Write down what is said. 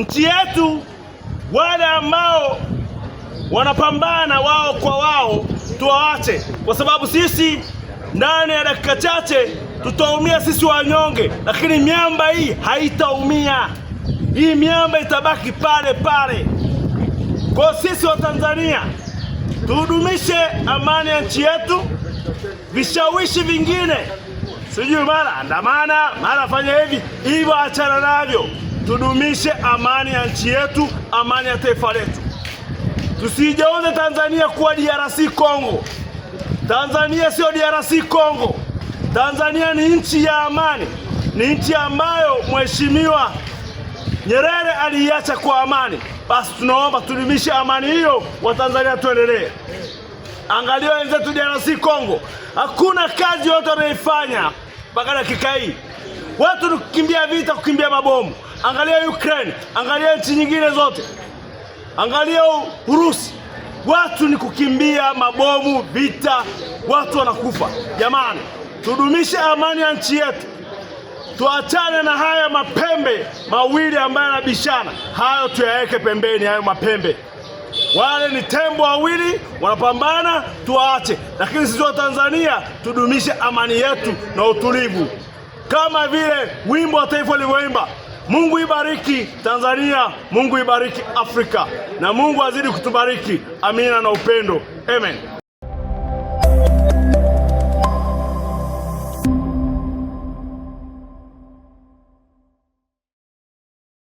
nchi yetu, wale ambao wanapambana wao kwa wao tuwaache, kwa sababu sisi ndani ya dakika chache tutaumia sisi wanyonge, lakini miamba hii haitaumia. Hii miamba itabaki pale pale. Kwa sisi wa Tanzania tuhudumishe amani ya nchi yetu. Vishawishi vingine sijui mara andamana mara fanya hivi hivyo, achana navyo tudumishe amani ya nchi yetu, amani ya taifa letu. Tusijeone Tanzania kuwa DRC Congo. Tanzania sio DRC Congo. Tanzania ni nchi ya amani, ni nchi ambayo Mheshimiwa Nyerere aliiacha kwa amani. Basi tunaomba tudumishe amani hiyo, Watanzania tuendelee. Angalia wenzetu DRC Congo, hakuna kazi yote wanaifanya mpaka dakika hii. Watu kukimbia vita, kukimbia mabomu angalia Ukraine, angalia nchi nyingine zote, angalia Urusi, watu ni kukimbia mabomu, vita, watu wanakufa. Jamani, tudumishe amani ya nchi yetu, tuachane na haya mapembe mawili ambayo yanabishana. Hayo tuyaweke pembeni, hayo mapembe. Wale ni tembo wawili wanapambana, tuwaache. Lakini sisi wa Tanzania tudumishe amani yetu na utulivu, kama vile wimbo wa taifa ulivyoimba. Mungu ibariki Tanzania, Mungu ibariki Afrika na Mungu azidi kutubariki. Amina na upendo. Amen.